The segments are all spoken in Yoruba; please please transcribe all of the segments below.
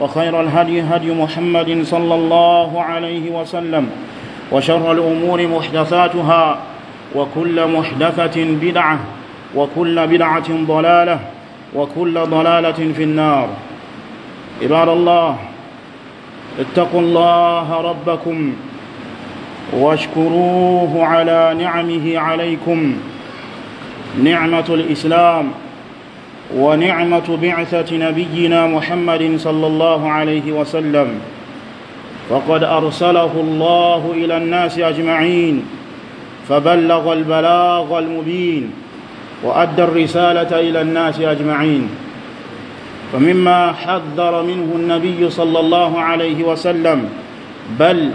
وخير الهدي هدي محمد صلى الله عليه وسلم وشر الأمور محدثاتها وكل محدثة بدعة وكل بدعة ضلالة وكل ضلالة في النار عباد الله اتقوا الله ربكم واشكروه على نعمه عليكم نعمة الإسلام ونعمة بعثة نبينا محمد صلى الله عليه وسلم وقد أرسله الله إلى الناس أجمعين فبلغ البلاغ المبين وأدى الرسالة إلى الناس أجمعين فمما حذر منه النبي صلى الله عليه وسلم بل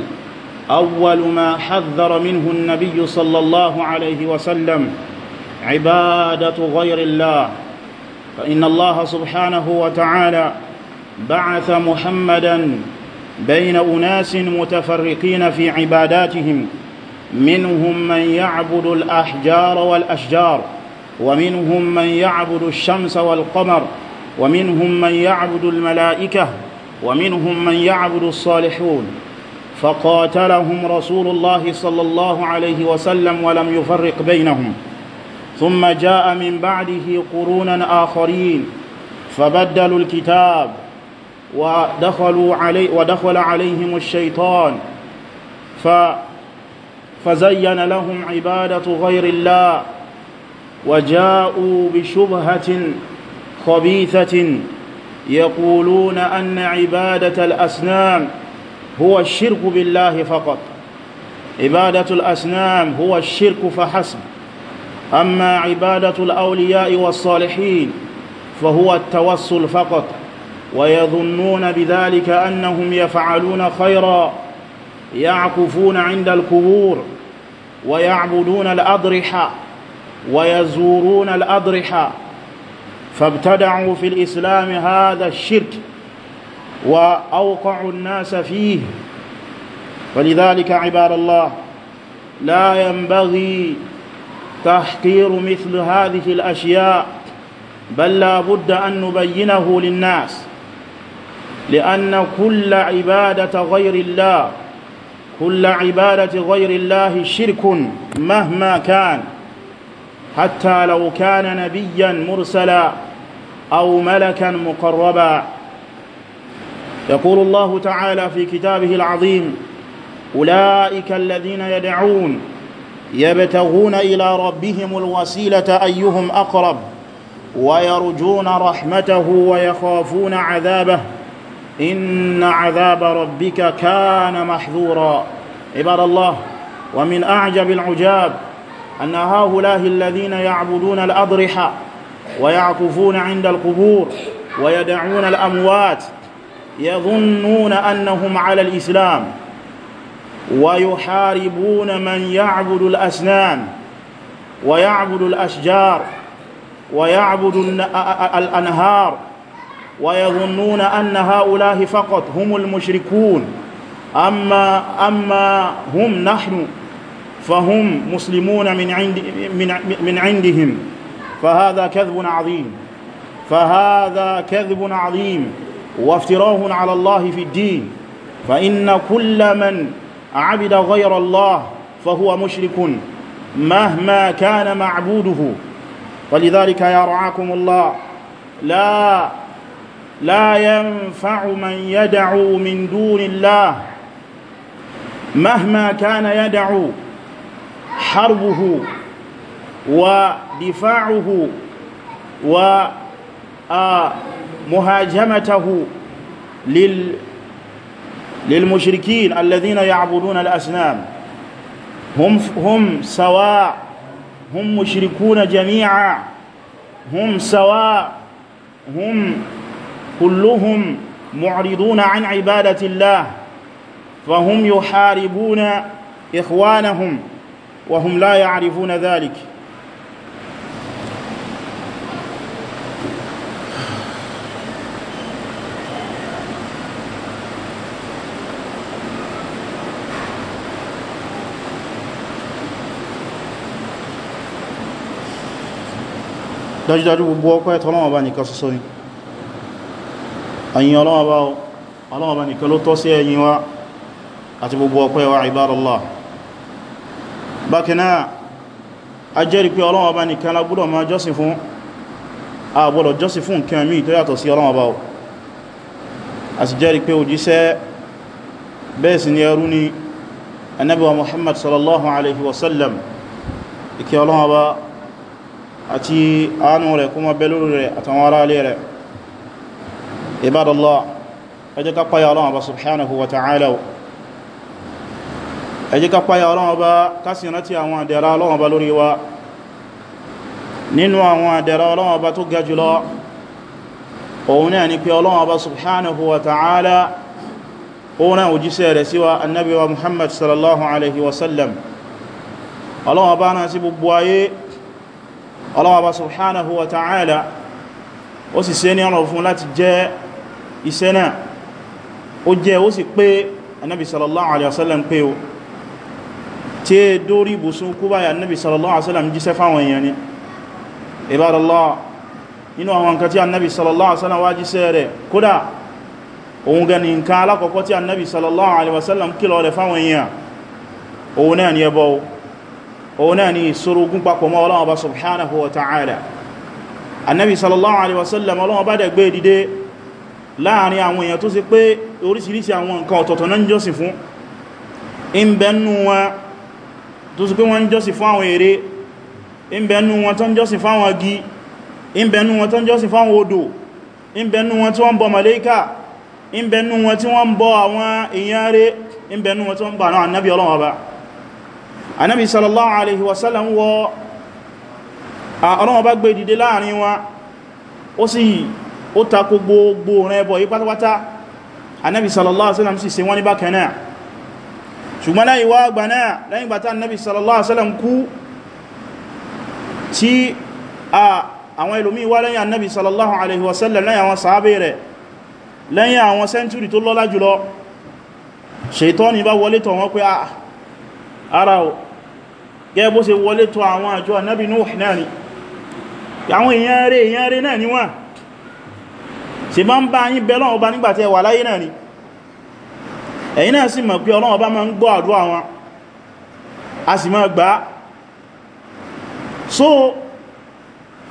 أول ما حذر منه النبي صلى الله عليه وسلم عبادة غير الله فإن الله سبحانه وتعالى بعث محمدا بين أناس متفرقين في عباداتهم منهم من يعبد الأحجار والأشجار ومنهم من يعبد الشمس والقمر ومنهم من يعبد الملائكة ومنهم من يعبد الصالحون فقاتلهم رسول الله صلى الله عليه وسلم ولم يفرق بينهم ثم جاء من بعده قرونا آخرين فبدلوا الكتاب ودخلوا علي ودخل عليهم الشيطان ف فزين لهم عبادة غير الله وجاءوا بشبهة خبيثة يقولون أن عبادة الأسنام هو الشرك بالله فقط عبادة الأسنام هو الشرك فحسب أما عبادة الأولياء والصالحين فهو التوسل فقط ويظنون بذلك أنهم يفعلون خيرا يعكفون عند القبور ويعبدون الأضرحة ويزورون الأضرحة فابتدعوا في الإسلام هذا الشرك وأوقعوا الناس فيه ولذلك عباد الله لا ينبغي تحقير مثل هذه الأشياء بل لا بد أن نبينه للناس لأن كل عبادة غير الله كل عبادة غير الله شرك مهما كان حتى لو كان نبيا مرسلا أو ملكا مقربا يقول الله تعالى في كتابه العظيم أولئك الذين يدعون يبتغون إلى ربهم الوسيلة أيهم أقرب ويرجون رحمته ويخافون عذابه إن عذاب ربك كان محذورا عباد الله ومن أعجب العجاب أن هؤلاء الذين يعبدون الأضرحة ويعكفون عند القبور ويدعون الأموات يظنون أنهم على الإسلام ويحاربون من يعبد الأسنان ويعبد الأشجار ويعبد الأنهار ويظنون أن هؤلاء فقط هم المشركون أما, أما هم نحن فهم مسلمون من, عند من, من عندهم فهذا كذب عظيم فهذا كذب عظيم وافتراه على الله في الدين فإن كل من عبد غير الله فهو مشرك مهما كان معبوده ولذلك يا رعاكم الله لا لا ينفع من يدعو من دون الله مهما كان يدعو حربه ودفاعه ومهاجمته آه، لل للمشركين الذين يعبدون الأسنام هم, هم سواء هم مشركون جميعا هم سواء هم كلهم معرضون عن عبادة الله فهم يحاربون إخوانهم وهم لا يعرفون ذلك dájúdájú gbogbo ọpẹ́ tọ́lọ́wọ́ bá nìkan ṣoṣo ni ẹ̀yin ọlọ́wọ́ bá nìkan ló tọ́ sí ẹ̀yin wa àti gbogbo ọpẹ́ wa ibadallah bákanáà a jẹ́rì pé ọlọ́wọ́ bá nìkan la gbọ́dọ̀ máa jọ́sìn fún a gbọ́dọ̀ jọ́sìn fún nǹkan míì tó yàtọ̀ sí ọlọ́wọ́ bá a sì jẹ́rì pé òjíṣẹ́ àti àánú rẹ̀ kó mọ́ bẹ́lú rẹ̀ àtàwọn ará alẹ́ rẹ̀ ibadallah ẹ jẹ́ ká páyà Ọlọ́run Ọba subhanahu wa ta'ala ẹ jẹ́ ká páyà Ọlọ́run Ọba kásì rántí àwọn àdẹ̀rà Ọlọ́run Ọba lórí wa nínú àwọn àdẹ̀rà Ọlọ́run Ọba tó ga jùlọ òun náà ni pé Ọlọ́run ọlọ́wọ́ba subhanahu wa ta'ala ó sì ṣe ní ọ̀rọ̀ fún láti jẹ́ iṣẹ́ náà ó jẹ́ ó sì pé annabi sallallahu alaihi wasallam pé o tí é dórí ibùsùn kú báyà annabi sallallahu alaihi wasallam jíṣẹ́ fáwọn èèyàn ni ibadallah nínú àwọn nǹkan tí annabi sallallahu alaihi wasallam wá òun náà ni ìsorogún papọ̀ mọ́ Ọlọ́run Ọba subhanahu wa ta'ala annabi sallallahu alaihi wasallam Ọlọ́run Ọba dẹ̀ gbé e dìde láàrin àwọn èèyàn tó ṣe pé oríṣiríṣi àwọn nǹkan ọ̀tọ̀tọ̀ náà ń jọ́sìn fún in bẹnu wọn tó ṣe pé wọ́n ń jọ́sìn fún àwọn ère in bẹnu wọn tó ń jọ́sìn fún àwọn igi in bẹnu wọn tó ń jọ́sìn fún àwọn odò in bẹnu wọn tí wọ́n ń bọ màláíkà in bẹnu wọn tí wọ́n ń bọ àwọn èèyàn rẹ̀ in wọn tí ń bọ àwọn annabi Ọlọ́run Ọba anábi sallallahu alaihi wasallam wọ ọlọ́wọ́ bá gbé dìde láàrin wa ó sì ó takò gbogbo rẹ̀ bọ̀ yí pátápátá anábi sallallahu alaihi wasallam sì ṣe wọ́n ní bákan náà ṣùgbọ́n láì wá gbà náà lẹ́yìn gbàtá anábi sallallahu alaihi wasallam kú tí àwọn ilomi wá lẹ́yìn anábi sallallahu alaihi wasallam lẹ́yìn àwọn sàábẹ̀ rẹ̀ lẹ́yìn sẹ́ntúrì tó lọ́lá jùlọ ṣètọ́ ni bá wọlé tọ̀ wọ́n pé ah, ara gẹ́gẹ́ bó ṣe wọlé tọ̀ àwọn àjọ ànábì Nuh náà ni àwọn èèyàn rẹ̀ èèyàn rẹ̀ náà ni wọ́n ṣe bá ń bá yín bẹ Ọlọ́run Ọba nígbàtí ẹ wà láyé náà ni ẹ̀yin náà sì mọ̀ pé Ọlọ́run Ọba máa ń gbọ́ àdúrà wọn a sì máa gbà so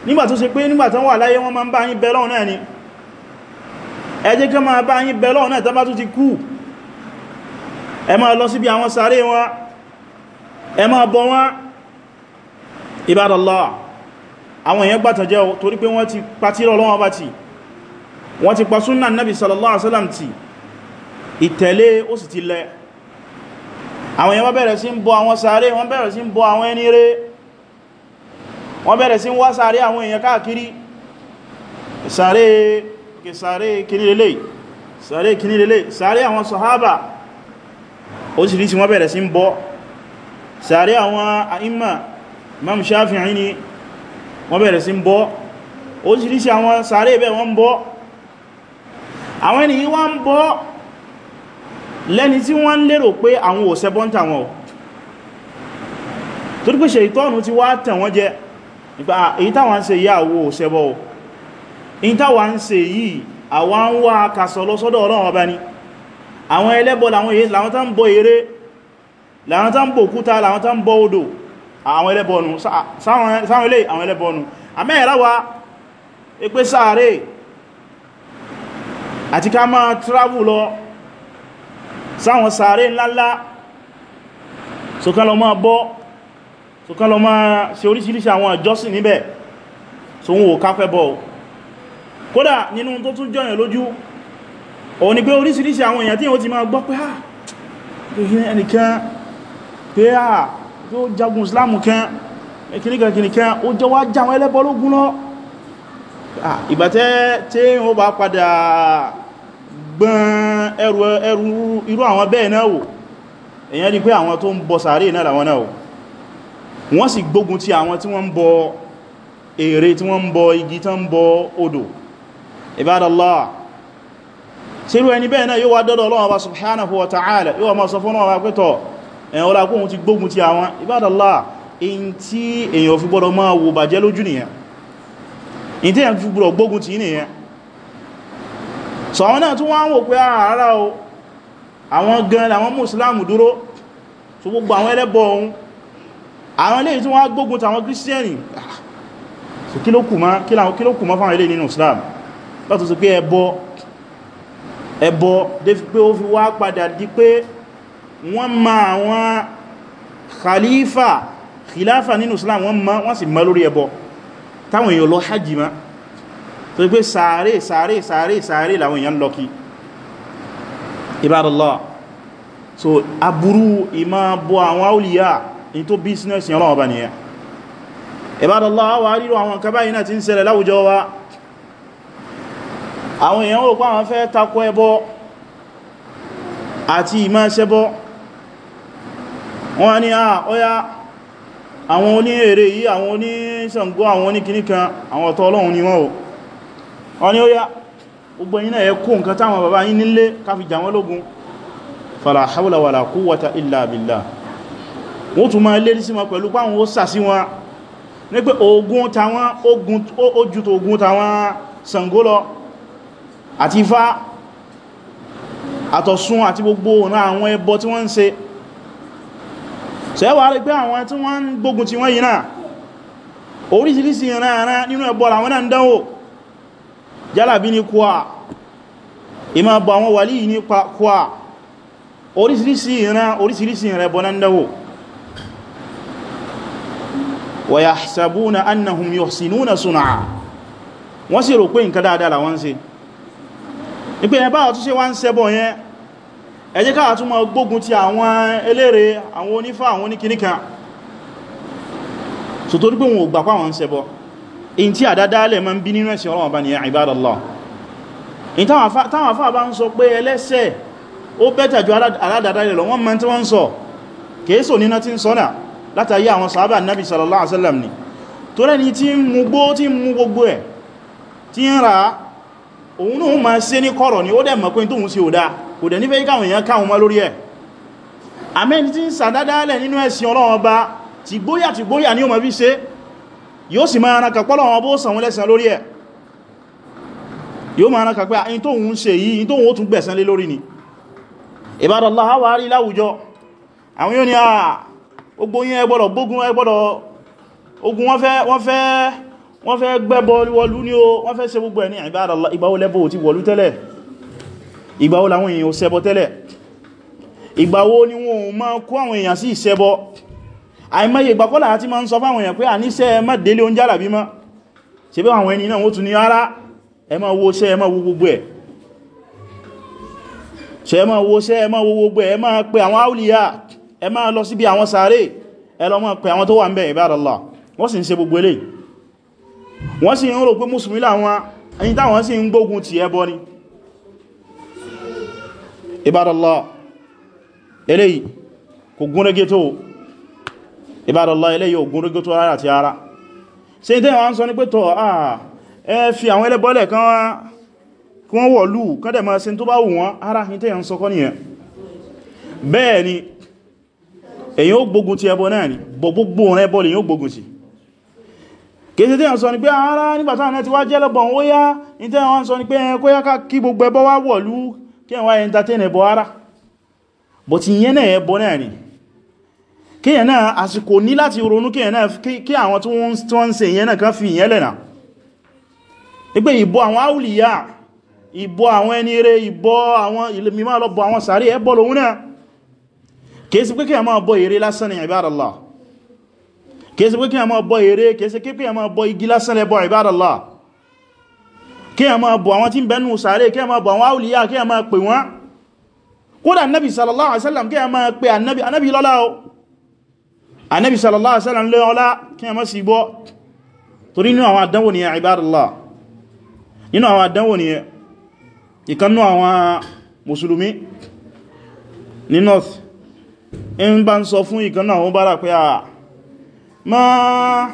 nígbà tó ṣe pé nígbà tán wà láyé wọ́n máa ń bá yín bẹ Ọlọ́run náà ni ẹ jẹ́ kẹ́ ẹ máa bọ wọ́n ibadallah àwọn èèyàn gbàtàn jẹ́ torí pé wọ́n ti pa tírà Ọlọ́run bá ti wọ́n ti pa súnnà nabi sallallahu alaihi wasallam ti ìtẹ̀lé ó sì ti lẹ àwọn èèyàn bẹ̀rẹ̀ sí ń bọ àwọn sàárè wọ́n bẹ̀rẹ̀ sí ń bọ àwọn ẹni rẹ̀ wọ́n bẹ̀rẹ̀ sí ń wá sàárè àwọn èèyàn káàkiri sàárè sàárè kìnílélé sàárè kìnílélé sàárè àwọn sàhábà ó sì rí sí wọ́n bẹ̀rẹ̀ sí ń bọ sàárẹ́ àwọn àìmà Imam Shafi'i ni wọ́n bẹ̀rẹ̀ sí ń bọ́ oríṣìíríṣìí àwọn sàárẹ́ ibẹ̀ wọ́n bọ́ àwọn ènìyàn wọ́n ń bọ́ lẹ́ni tí wọ́n ń lérò pé àwọn ò ṣẹbọ́n tàwọn tó dípé ṣe ìtọ́nù ti wá tàn wọ́n jẹ àwọn ń àwọn ẹlẹ́bọ làwọn tán ń bọ láwọn tán bò kúta láwọn tán bọ́ odò àwọn ẹlẹ́bọnù sáwọn ilé àwọn ẹlẹ́bọnù àmẹ́ẹ̀láwà ipé sáàrè àti ká máa travel lọ sáwọn sáàrè ńláńlá sọ̀kan lọ máa bọ́ sọ̀kan lọ máa ṣe oríṣìíríṣìí àwọn àjọsìn níbẹ̀ so wọn ò káfẹ́ bọ́ kódà nínú tó tún jọyàn lójú òun ni pé oríṣìíríṣìí àwọn èèyàn tí wọ́n ti máa gbọ́ pé ah ẹnìkan pé à tó jagun islam kan kìníkàkìníkà ó jẹ́ wá jáwọn ẹlẹ́bọ́ lọ ìgbàtẹ́ tí ó bá padà gbọ́n ẹrù irú àwọn bẹ́ẹ̀ náà wò èyàn rí pé àwọn tó ń bọ sàárè náà làwọn náà wọ́n sì gbógun ti àwọn tí wọ́n ń bọ tí wọ́n ń bọ igi bọ odò ẹ̀yàn ọlá kóhun ti gbógun ti àwọn ibádàlá in tí èyàn fi gbọ́dọ̀ máa wò bàjẹ́ lójú nìyàn in tí èyàn fi gbọ́dọ̀ gbógun ti nìyàn so àwọn náà tún wá ń wò pé ààrá ah, o àwọn gan àwọn mùsùlámù dúró tó gbogbo àwọn ẹlẹ́bọ ohun àwọn ilé tí wọ́n gbógun tàwọn kírísítẹ́nì ah, so kí ló kù mọ́ fáwọn ilé nínú islam látọ̀ sí pé ẹbọ ẹbọ dé fi pé ó fi wá padà di pé wọ́n ma àwọn khalifa khilafa nínú islam wọ́n ma wọ́n sì ma lórí ẹbọ táwọn èèyàn lọ hajji ma tó gbé sàárè sàárè sàárè sàárè làwọn èèyàn lọ kí ibadallah so aburú ìmá bọ àwọn auliya in tó business yẹn lọ́wọ́ bá nìyẹn ibadallah wà ríro àwọn kaba yìí náà ti ń ṣẹlẹ̀ láwùjọ wa àwọn èèyàn rò pé àwọn fẹ́ takọ ẹbọ àti ìmá ṣẹbọ wọ́n ní à ah, ọya àwọn oní èrè yìí àwọn oní Ṣàngó àwọn oní kìní kan àwọn ọ̀tọ̀ Ọlọ́run ni wọ́n o wọ́n ní ọya gbogbo yín náà ẹ kó nǹkan táwọn bàbá yín nílé káfi jà wọ́n lógun fala hawla wala quwwata illa billah wọ́n àti gbogbo ọ̀nà àwọn ẹbọ tí wọ́n ń ṣe so ẹwà rí pé àwọn tí wọ́n ń gbógun ti wọ́n yìí náà oríṣiríṣi ìrànà nínú ẹbọ àwọn náà ń dánwò jálàbí ní kúà ìmá bọ àwọn wàlí yìí ní kúà oríṣiríṣi ìrànà oríṣiríṣi ìrànà ẹbọ náà ń dánwò wa yahsabuna annahum yuhsinuna ẹ jẹ́ ká tún máa gbógun ti àwọn eléré àwọn onífá àwọn oníkìníkà so torí pé wọn ò gbà pàwọn ń ṣẹbọ in tí àdádálẹ̀ ma ń bí nínú ẹ̀sìn Ọlọ́run bá ní ibadallah in táwọn afá bá ń sọ pé nabi sallallahu alaihi wasallam ni tó rẹ̀ ni tí ń mú gbó tí òun náà ma ṣe ní kọ̀rọ̀ ni ó dẹ̀ mọ̀ pé tóun ṣe ò dáa kò dẹ̀ nífẹ́ káwọn èèyàn káwọn mọ́ lórí ẹ̀ amẹ́ni tí ń sàdádálẹ̀ nínú ẹ̀sìn Ọlọ́run Ọba ti gbóyà ti gbóyà ní ọmọ bí ṣe yóò sì máa ránka pọ́lọ̀ wọn bó sàn wọn lẹ́sàn lórí ẹ̀ a wà rí láwùjọ àwọn yóò ní à ogbó yín ẹ gbọ́dọ̀ gbógun ẹ gbọ́dọ̀ ogun wọ́n fẹ́ wọ́n fẹ́ wọ́n wọlú ní o wọ́n fẹ́ ṣe gbogbo ẹ̀ ní Ibadallah ìgbàwó lẹ́bọ̀ ti wọlú tẹ́lẹ̀ ìgbàwó làwọn èèyàn ò ṣẹbọ tẹ́lẹ̀ ìgbàwó ni wọn ò máa kó àwọn èèyàn sí ìṣẹbọ àìmọye ìgbàkọ́lá àti máa ń sọ fáwọn èèyàn pé à níṣẹ́ má délé oúnjẹ àràbí mọ́ ṣe bẹ́ àwọn ẹni náà ó tún ní ara ẹ máa wo ṣẹ́ ẹ máa wo gbogbo ẹ̀ ṣe ẹ máa wo ṣẹ́ ẹ máa wo gbogbo ẹ̀ ẹ máa pe àwọn áúlìyà ẹ máa lọ síbi àwọn sàárè ẹ lọ máa pe àwọn tó wà ń bẹ̀ ìbádọ́lá wọ́n sì ń ṣe gbogbo eléyìí wọ́n sì ń rò pé mùsùlùmí làwọn ibadallá eléyìí kò gúnrégé tó ibadallá eléyìí ò gúnrégé tó rárá ti ara ṣe ìdẹ́ wọn sọ ní pé tọ́ àà ẹ fi àwọn ẹlẹ́bọ́lẹ̀ kan wọ́n wọ̀lú kọ́dẹ̀ máa ṣe tó bá wù wọ́n ara ìtẹ́ yẹn sọkọ́ nìyẹn bẹ́ẹ̀ ni èyí ó gbógun ti ẹbọ náà ni gbogbo rẹ bọ́ọ̀lì yóò tí wọ́n sọ ni pé ara nígbàtà náà ti wá jẹ́ ó yá ìtẹ́ wọn sọ ni pé ẹkọ́ yá ká kí gbogbo ẹbọ wá wọ̀lú kí ẹ̀wà entertain ẹbọ but ìyẹn náà ẹbọ náà ni kí ẹ̀ náà àsìkò ní láti ronú kí ẹ̀ náà kí àwọn tí wọ́n ń ṣe ìyẹn náà kan fi ìyẹn lẹ́nà ipé ìbọ àwọn áwùlìyà ìbọ àwọn ẹni eré ìbọ àwọn mímọ́ lọ́bọ àwọn sàárì ẹbọ lòun náà kèsí pé kí ẹ máa bọ ère lásán ni ibadallah kí a máa bọ̀ àwọn tí ń bẹnu sàárè kí a máa bọ̀ àwọn áwùlíyà kí a máa pè wọ́n kódà annabi sallallahu alaihi wasallam kí a máa pè annabi annabi lọ́lá o annabi sallallahu alaihi wasallam lọ́lá kí a máa sì bọ́ torí nínú àwọn mùsùlùmí ní north in bá ń sọ fún ìkannú àwọn bára pé a máa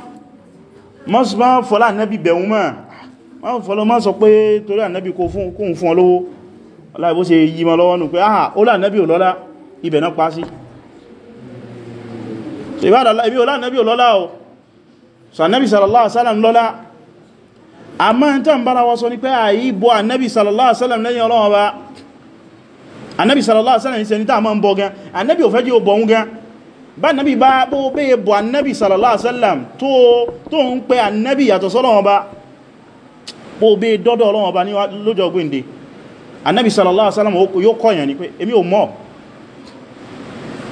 fọ́lá annabi bẹ̀wọ́n máa ma fọ́lọ́ ma sọ pé torí ànábì kò fún kún fún ọlọ́wọ́ aláìbó ṣe yí ma lọ́wọ́ nù pé áhà ó lànábì olọ́lá ibẹ̀ náà pàá sí ibi olànábì olọ́lá o so ànábì sallallahu alaihi wasallam lọ́lá a ma ń tàn bára wọ́sọ ní pé àyí bọ́ ànábì sallallahu alaihi wasallam lẹ́yìn ọlọ́wọ́ bá ànábì sallallahu alaihi wasallam ní sẹni tá a ma ń bọ́ gan ànábì ò fẹ́ bá bó bẹ́ẹ̀ bọ̀ ànábì sallallahu alaihi tó ń pẹ́ ànábì yàtọ̀ sọ́lọ́wọ́ bá bó bẹ́ dọ́dọ̀ Ọlọ́run Ọba ní lọ́jọ́ gbéǹde annabi sallallahu alaihi wasallam yóò kọ́yàn ní pé èmi ò mọ̀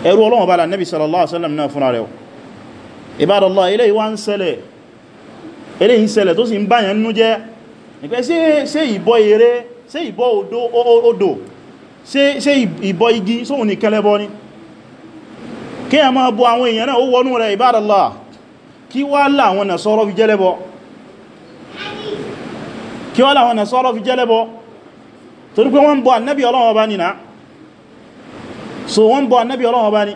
ẹrú Ọlọ́run Ọba annabi sallallahu alaihi wasallam náà fúnra rẹ̀ Ibadallah ilé ìwá ń ṣẹlẹ̀ ilé ń ṣẹlẹ̀ tó sì ń báyàn nú jẹ́ nípẹ́ ṣe ìbọ́ eré ṣe ìbọ́ odò ṣe ìbọ́ igi sóhun ní kẹlẹ́bọ ni kí a máa bọ àwọn èèyàn náà ó wọnú rẹ̀ Ibadallah kí wá láwọn Nasara fi jẹ́lẹ́bọ kí wọ́n láwọn nasọ́rọ̀ fi jẹ́lẹ́bọ torí pé wọ́n bọ annabi ọlọ́wọ́ bá ní náà so wọ́n bọ annabi ọlọ́wọ́ bá ní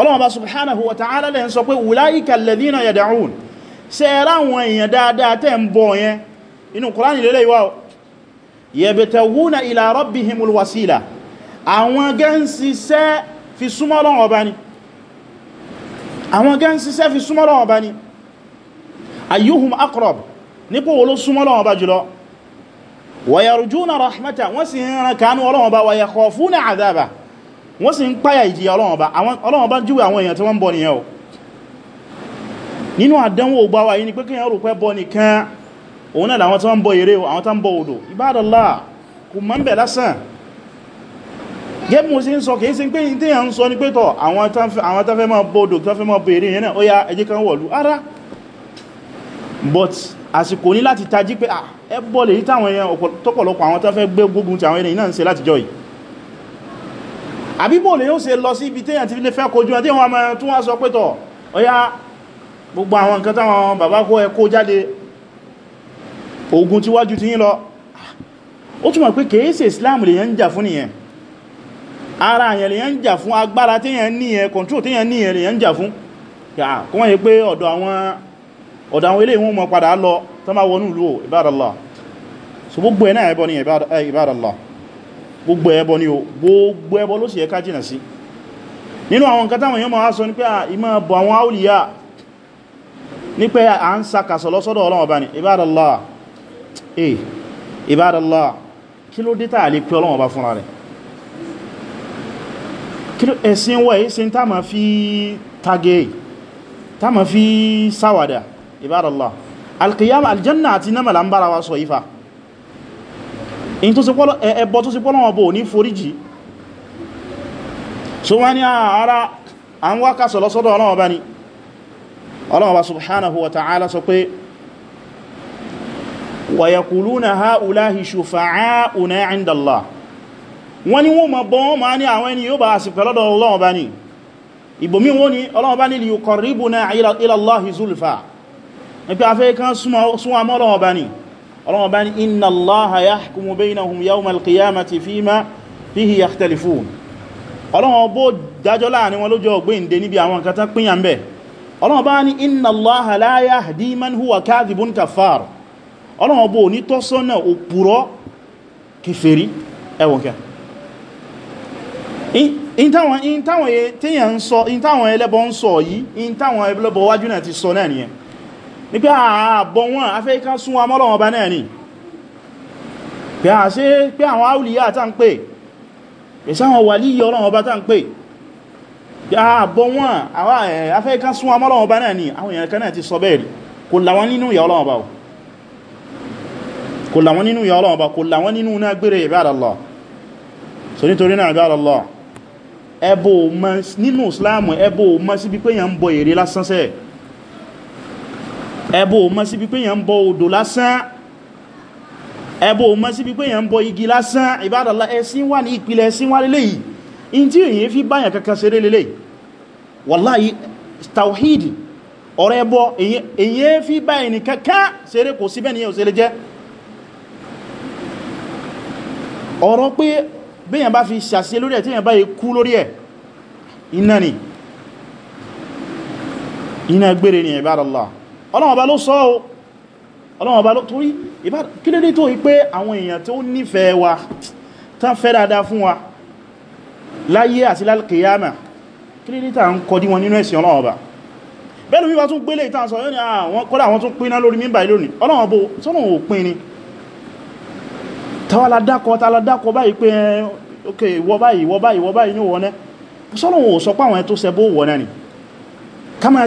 ọlọ́wọ́ bá subhanahu wa ta'ala lè sọ pé wùláìkà lèdínà yad'un ṣe ráwọn èèyàn dáadáa tẹ́ ń bọ yẹn inú kùránì lélẹ̀ ìwá yabtaguna nípò wo ló súnmọ́ Ọlọ́run Ọba jùlọ wa yarjuna rahmata wọ́n sì ń ran kánú Ọlọ́run Ọba wa yakhafuna adhaba wọ́n sì ń páyà ìjìyà Ọlọ́run Ọba Ọlọ́run Ọba júwe àwọn èèyàn tí wọ́n ń bọ̀ nìyẹn o nínú àdánwò gbá wa yìí ni pé kí ẹ̀rù pẹ́ bọ́ nìkan òun náà àwọn tí wọ́n ń bọ eré àwọn tí wọ́n ń gẹ́mù sí ń sọ kìí sí pé tí ń sọ ní pé àwọn tafẹ́ máa bọ odò tafẹ́ ó yá ẹjẹ́ kan wọ̀lú ara but àsìkò ní láti tají pé ẹ bọ́ lè tàwọn èèyàn tọ́pọ̀lọpọ̀ àwọn tán fẹ́ gbé gbógun ti àwọn èèyàn náà ń se láti jọ yìí àbíbò lè yóò ṣe lọ sí ibi téèyàn ti lè fẹ́ kojú ẹ̀ tí wọ́n máa tún wá sọ pé Islam lèyàn ń jà fún nìyẹn ara àyàn lèyàn ń jà fún agbára téèyàn níyẹn control téèyàn níyẹn lèyàn ń ọ̀dọ̀ àwọn ilé ìwọ̀n mọ̀ padà lọ tó máa wọnú ìlú ìbádàlá so gbogbo ẹ̀ náà ẹbọ ni ìbádàlá eh, gbogbo ẹbọ ni o gbogbo ẹbọ ló sì ẹka jìnà sí nínú àwọn nǹkan táwọn èèyàn máa sọ ní pé ah, ìmọ̀ bọ̀ àwọn áwùlìyà ní pé à ń sakàsọ̀ lọ́sọ́dọ̀ ọlọ́wọ̀ bá ní ìbádàlá eh ìbádàlá ẹ̀sìn wọ̀ ẹ̀sìn tá fi tagẹ̀ tá fi sáwàdà ibadallah alqiyam aljanna àti náà mẹ́lá ń bára wa sọ ifá in tó sípọ́lọ̀ ẹbọ tó sípọ́lọ̀ wọn bò ní foríjì so wọ́n ni ara an wákà sọ lọ́sọ́dọ̀ Ọlọ́run Ọba ni Ọlọ́run Ọba subhanahu wa ta'ala sọ pé wa yaquluna ha'ulahi shufa'a'una 'inda Allah wọ́n ni wọ́n ma bọ́ wọ́n zulfa nípa afẹ́ kan súnwà mọ́ ọlọ́wọ́ bá ní ọlọ́wọ́ bá ní inna Allaha yahkumu baynahum yawma al-qiyamati fima fihi yakhtalifun ọlọ́wọ́ bó dájọ́ láàrin wọn lọ́jọ́ ọgbẹ́ǹde níbi àwọn nǹkan tá pínyà ń bẹ̀ ọlọ́wọ́ bá ní inna Allaha la yahdi man huwa kadhibun kaffar ọlọ́wọ́ bó ní tọ́sọ́nà òpùrọ́ kèfèrí ẹwọ̀nkẹ́ in táwọn ẹlẹ́bọ ń sọ yìí in táwọn ẹlẹ́bọ wájú náà ti sọ náà nìyẹn ní pé àbọ̀ ah, ah, ah, wọn afẹ́ká sún wa mọ́lọ̀wọ̀n ọba náà ni pé a ṣe pé àwọn áwùlìyà tá ń pè ìsáwọn wà líyọ ọlọ́wọ̀n ọba tá ń pè àbọ̀ wọn afẹ́ká sún wa mọ́lọ̀wọ̀n ọba náà ni àwọn èèyàn náà ti sọ bẹ́ẹ̀ kò làwọn nínú ìyà ọlọ́wọ̀n ọba ọba ẹbọ ò mọ́ síbi pé yẹn ń bọ odò lásán ẹbọ ò mọ́ síbi pé yẹn ń bọ igi lásán ìbádàlá ẹ̀sìn wà ní ìpìlẹ̀ ẹ̀sìn wà lélẹ̀ yìí in tí èyí fi báyàn kankan ṣeré lélẹ̀ wàláyí tawhid ọ̀rọ̀ ẹbọ èyí fi báyàn kankan ṣeré kò síbẹ̀ ní òṣèlé jẹ́ ọ̀rọ̀ pé bíyàn bá fi ṣàṣe lórí ẹ̀ tí yàn bá yẹ kú lórí ẹ̀ iná ni iná gbére ni ìbádàlá ọlọ́wọ̀n bá ló sọ ọ́ ọlọ́wọ̀n bá ló torí kí lédé tó wípé àwọn èèyàn tó nífẹ̀ẹ́ wa tán fẹ́ dáadáa fún wa láyé àti lálkìyàmà kí lédé tà ń kọdí wọn nínú ẹ̀sìn ọlọ́wọ̀n bá bẹ́ẹ̀ lómi bá tún gbélé ìtàn sọ yóò ní àwọn ah, kọ́lá àwọn tún pín lórí mímbà lónìí ọlọ́wọ̀n bó sọ́nà ò pín ni tàwàlá dákọ̀ tàwàlá dákọ̀ báyìí pé eh, ok ìwọ báyìí ìwọ báyìí ìwọ báyìí ní òwọ́nẹ́ sọ́nà ò sọ pàwọn ẹ tó sẹ bó wọ́nẹ́ ni ká máa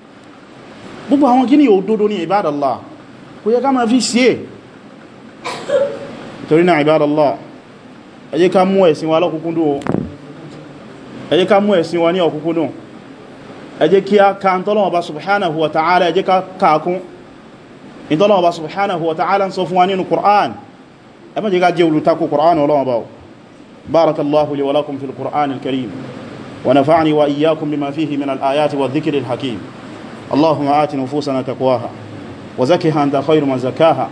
gbogbo àwọn kíní òdodo ní ìbádàlá kò yẹ ká ma fi sí è torí náà ìbádàlá ẹ jẹ́ ká mú ẹ̀sìn wa lọ́kùnkúndùn ẹ jẹ́ ká mú ẹ̀sìn wa ní ọ̀kùnkúndùn ẹ jẹ́ kí a ka ntọ́lọ́wọ́ bá subhanahu wa ta'ala ẹ jẹ́ ká kàkún ntọ́lọ́wọ́ bá subhanahu wa ta'ala ń sọ fún wa nínú Qur'an ẹ má jẹ́ ká jẹ́ olùtakò Qur'an ọlọ́wọ́ bá barakallahu li wa lakum fil Qur'an al-karim wa nafa'ani wa iyyakum bima fihi min al-ayati wa dhikri al-hakim اللهم آت نفوسنا تقواها وزكها أنت خير من زكاها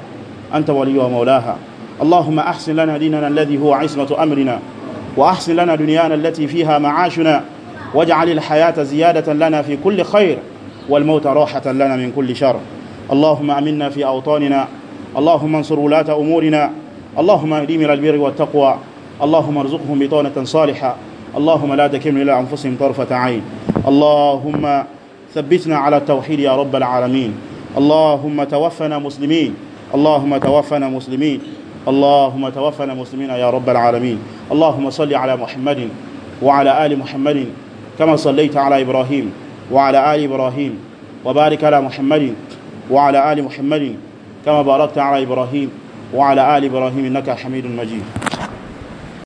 أنت ولي ومولاها اللهم أحسن لنا ديننا الذي هو عصمة أمرنا وأحسن لنا دنيانا التي فيها معاشنا واجعل الحياة زيادة لنا في كل خير والموت راحة لنا من كل شر اللهم أمنا في أوطاننا اللهم انصر ولاة أمورنا اللهم اهدهم إلى البر والتقوى اللهم ارزقهم بطانة صالحة اللهم لا تكلن إلى أنفسهم طرفة عين اللهم ثبتنا على التوحيد يا رب العالمين اللهم توفنا مسلمين اللهم توفنا مسلمين اللهم توفنا مسلمين يا رب العالمين اللهم صل على محمد وعلى آل محمد كما صليت على إبراهيم وعلى آل إبراهيم وبارك على محمد وعلى آل محمد كما باركت على إبراهيم وعلى آل إبراهيم إنك حميد مجيد